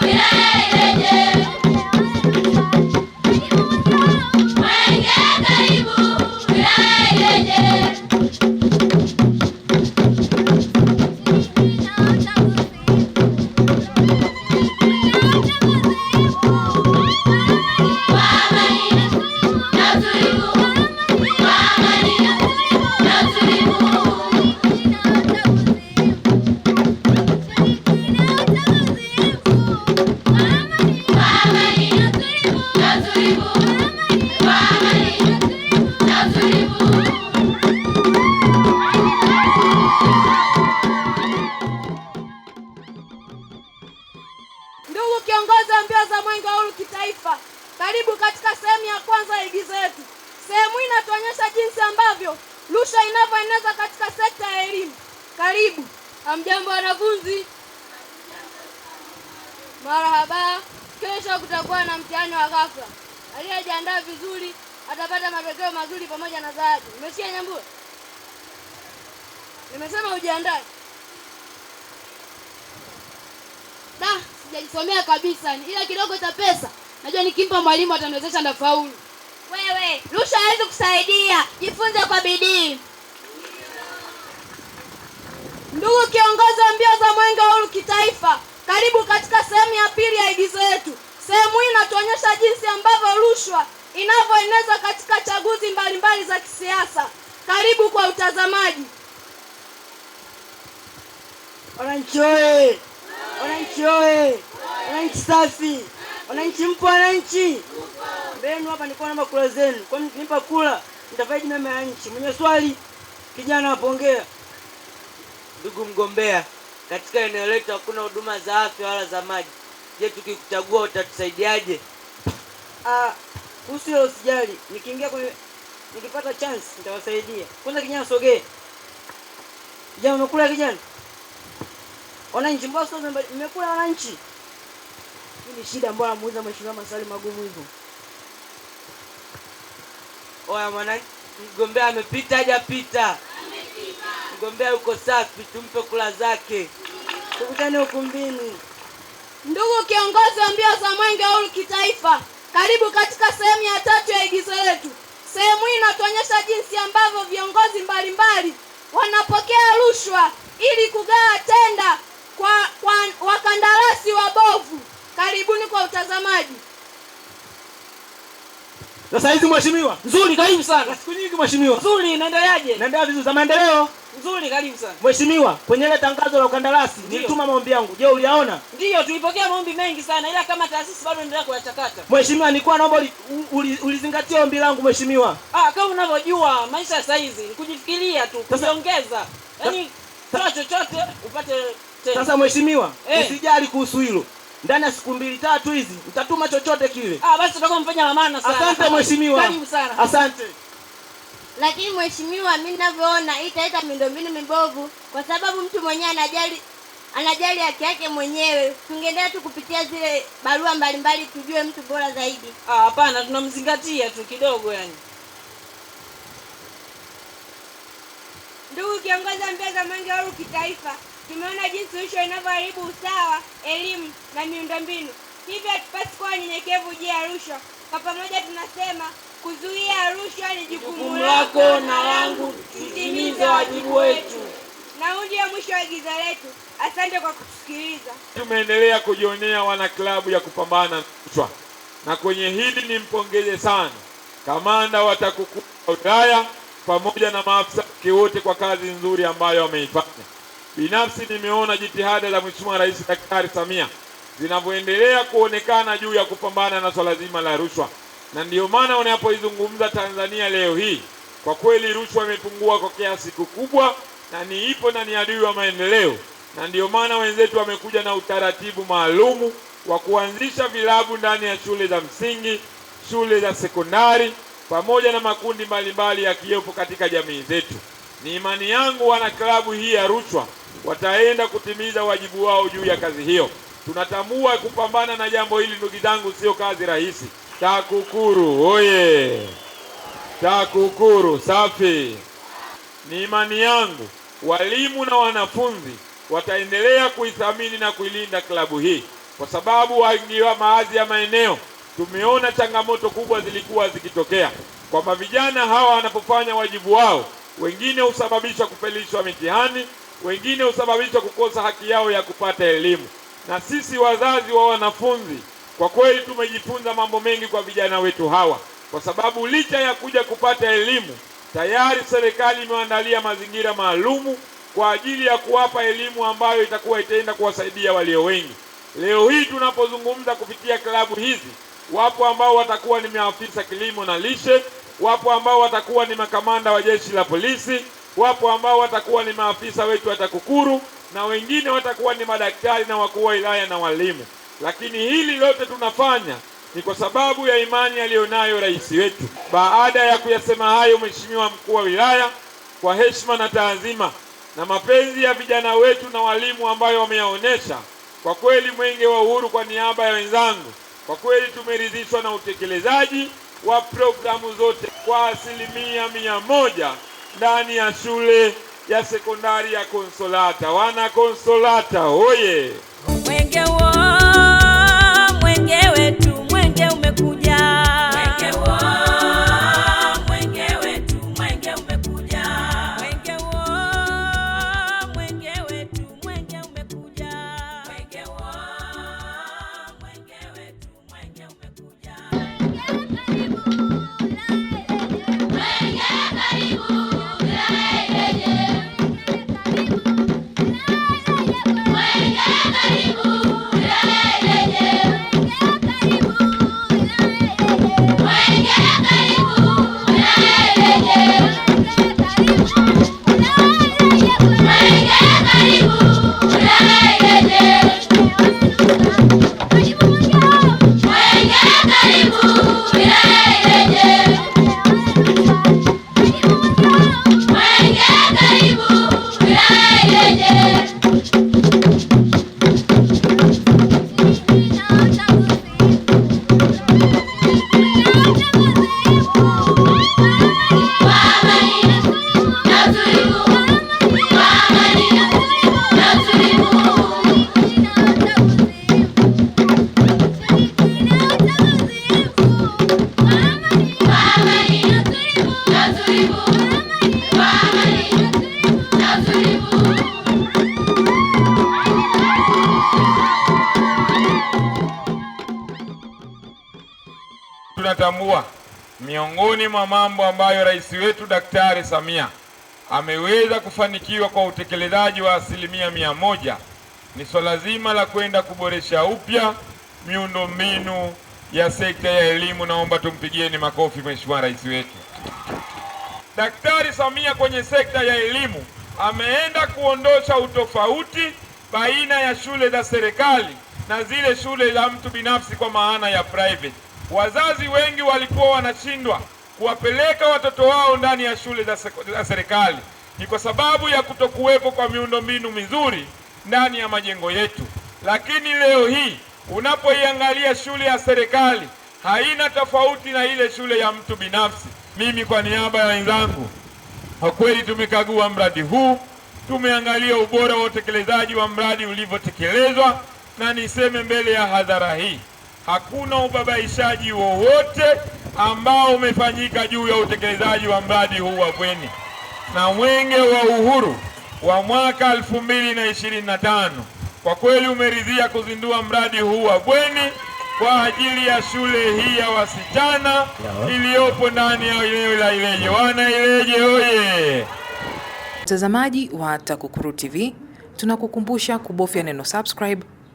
Yeah, yeah, yeah. Kesho kutakuwa na mtihani wa ghafla. Aliyejiandaa vizuri atapata matokeo mazuri pamoja na zawadi. Umesikia Nyambua? Nimesema ujiandae. Da, sijajisomea kabisa, ila kidogo cha pesa najua nikimpa mwalimu ataniwezesha ndafaulu. Wewe Rusha hawezi kusaidia, jifunze kwa bidii. Ndugu kiongozi wa mbio za mwenge wa uhuru kitaifa, karibu katika sehemu ya pili ya igizo yetu. Sehemu hii inatuonyesha jinsi ambavyo rushwa inavyoenezwa katika chaguzi mbalimbali za kisiasa. Karibu kwa utazamaji. Wananchi oye! Wananchi oye! Wananchi safi! Wananchi mpo? Wananchi mbenu hapa, nilikuwa naomba kula zenu, kwa nipa kula nitafaidi mema ya nchi. Mwenye swali kijana wapongea. Ndugu mgombea, katika eneo letu hakuna huduma za afya wala za maji. Je, tukikuchagua utatusaidiaje? Ah, kuhusu hilo usijali. Nikiingia kwenye nikipata chance nitawasaidia. Kwanza kijana sogee. Kijana umekula kijana? Wananchi mbona sio mmekula wananchi? Hii ni shida ambayo amuuliza mheshimiwa maswali magumu hivyo. Oya mwana mgombea amepita hajapita? Amepita. Mgombea yuko safi, tumpe kula zake. Tukutane ukumbini. Ndugu kiongozi wa mbio za mwenge huu kitaifa, karibu katika sehemu ya tatu ya igizo letu. Sehemu hii inatuonyesha jinsi ambavyo viongozi mbalimbali wanapokea rushwa ili kugawa tenda kwa, kwa wakandarasi wabovu. Karibuni kwa utazamaji sasa hizi mheshimiwa? Nzuri, karibu sana. Siku nyingi mheshimiwa. Nzuri, inaendeleaje? Naendelea vizuri za maendeleo. Nzuri, karibu sana. Mheshimiwa, kwenye ile tangazo la ukandarasi nilituma maombi yangu. Je, uliyaona? Ndiyo, tulipokea maombi mengi sana ila kama taasisi bado endelea kuyachakata. Mheshimiwa, nilikuwa naomba ulizingatia ombi langu mheshimiwa. Ah, kama unavyojua maisha sasa hizi ni kujifikiria tu, kujiongeza. Yaani toa chochote upate tena. Sasa mheshimiwa, eh. usijali kuhusu hilo ndani ya siku mbili tatu hizi mtatuma chochote kile. Ah, basi tutakuwa mfanya la maana sana. Asante mheshimiwa, karibu sana. Asante. Lakini mheshimiwa, mimi ninavyoona italeta miundombinu mibovu, kwa sababu mtu mwenyewe anajali anajali haki yake mwenyewe. Tungeendelea tu kupitia zile barua mbalimbali tujue mtu bora zaidi. Ah, hapana, tunamzingatia tu kidogo yani. Ndugu kiongozi wa mbio za mwenge wa uhuru kitaifa Tumeona jinsi rushwa inavyoharibu usawa, elimu na miundombinu, hivyo hatupasi kuwa wanyenyekevu juu ya rushwa. Kwa pamoja tunasema kuzuia rushwa ni jukumu lako na langu, tutimize wajibu wetu. Na huu ndio mwisho wa giza letu. Asante kwa kutusikiliza. Tumeendelea kujionea wanaklabu ya kupambana na rushwa, na kwenye hili nimpongeze sana kamanda wa TAKUKURU wa wilaya pamoja na maafisa wote kwa kazi nzuri ambayo wameifanya. Binafsi nimeona jitihada za Mheshimiwa Rais Daktari Samia zinavyoendelea kuonekana juu ya kupambana na swala zima la rushwa, na ndiyo maana unapoizungumza Tanzania leo hii, kwa kweli rushwa imepungua kwa kiasi kikubwa, na ni ipo na ni adui wa maendeleo, na ndiyo maana wenzetu wamekuja na utaratibu maalumu wa kuanzisha vilabu ndani ya shule za msingi, shule za sekondari, pamoja na makundi mbalimbali yakiwepo katika jamii zetu. Ni imani yangu wana klabu hii ya rushwa wataenda kutimiza wajibu wao juu ya kazi hiyo. Tunatambua kupambana na jambo hili, ndugu zangu, sio kazi rahisi. TAKUKURU oye! TAKUKURU safi! Ni imani yangu walimu na wanafunzi wataendelea kuithamini na kuilinda klabu hii, kwa sababu waingiwa baadhi ya maeneo tumeona changamoto kubwa zilikuwa zikitokea kwamba vijana hawa wanapofanya wajibu wao, wengine husababisha kupelishwa mitihani wengine husababisha kukosa haki yao ya kupata elimu. Na sisi wazazi wa wanafunzi, kwa kweli tumejifunza mambo mengi kwa vijana wetu hawa, kwa sababu licha ya kuja kupata elimu, tayari serikali imeandalia mazingira maalumu kwa ajili ya kuwapa elimu ambayo itakuwa itaenda kuwasaidia walio wengi. Leo hii tunapozungumza kupitia klabu hizi, wapo ambao watakuwa ni maafisa kilimo na lishe, wapo ambao watakuwa ni makamanda wa jeshi la polisi Wapo ambao watakuwa ni maafisa wetu wa TAKUKURU na wengine watakuwa ni madaktari na wakuu wa wilaya na walimu, lakini hili lote tunafanya ni kwa sababu ya imani aliyonayo rais wetu. Baada ya kuyasema hayo, Mheshimiwa mkuu wa wilaya, kwa heshima na taazima na mapenzi ya vijana wetu na walimu ambayo wameyaonesha kwa kweli, Mwenge wa Uhuru, kwa niaba ya wenzangu, kwa kweli tumeridhishwa na utekelezaji wa programu zote kwa asilimia mia moja ndani ya shule ya sekondari ya Konsolata. Wana Konsolata oye! Wenge wo tunatambua miongoni mwa mambo ambayo rais wetu Daktari Samia ameweza kufanikiwa kwa utekelezaji wa asilimia mia moja ni swala zima la kwenda kuboresha upya miundombinu ya sekta ya elimu. Naomba tumpigieni makofi mheshimiwa rais wetu Daktari Samia kwenye sekta ya elimu ameenda kuondosha utofauti baina ya shule za serikali na zile shule za mtu binafsi, kwa maana ya private. Wazazi wengi walikuwa wanashindwa kuwapeleka watoto wao ndani ya shule za serikali, ni kwa sababu ya kutokuwepo kwa miundombinu mizuri ndani ya majengo yetu. Lakini leo hii unapoiangalia shule ya serikali haina tofauti na ile shule ya mtu binafsi. Mimi kwa niaba ya wenzangu, kwa kweli tumekagua mradi huu, tumeangalia ubora wa utekelezaji wa mradi ulivyotekelezwa, na niseme mbele ya hadhara hii Hakuna ubabaishaji wowote ambao umefanyika juu ya utekelezaji wa mradi huu wa bweni na mwenge wa uhuru wa mwaka 2025 kwa kweli umeridhia kuzindua mradi huu wa bweni kwa ajili ya shule hii ya wasichana iliyopo ndani ya eneo la Ileje. Wana Ileje oye! Mtazamaji wa TAKUKURU TV, tunakukumbusha kubofya neno subscribe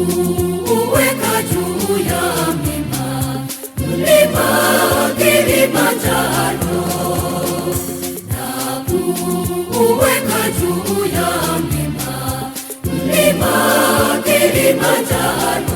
uweka juu ya mlima, mlima Kilimanjaro, na uweka juu ya mlima, mlima Kilimanjaro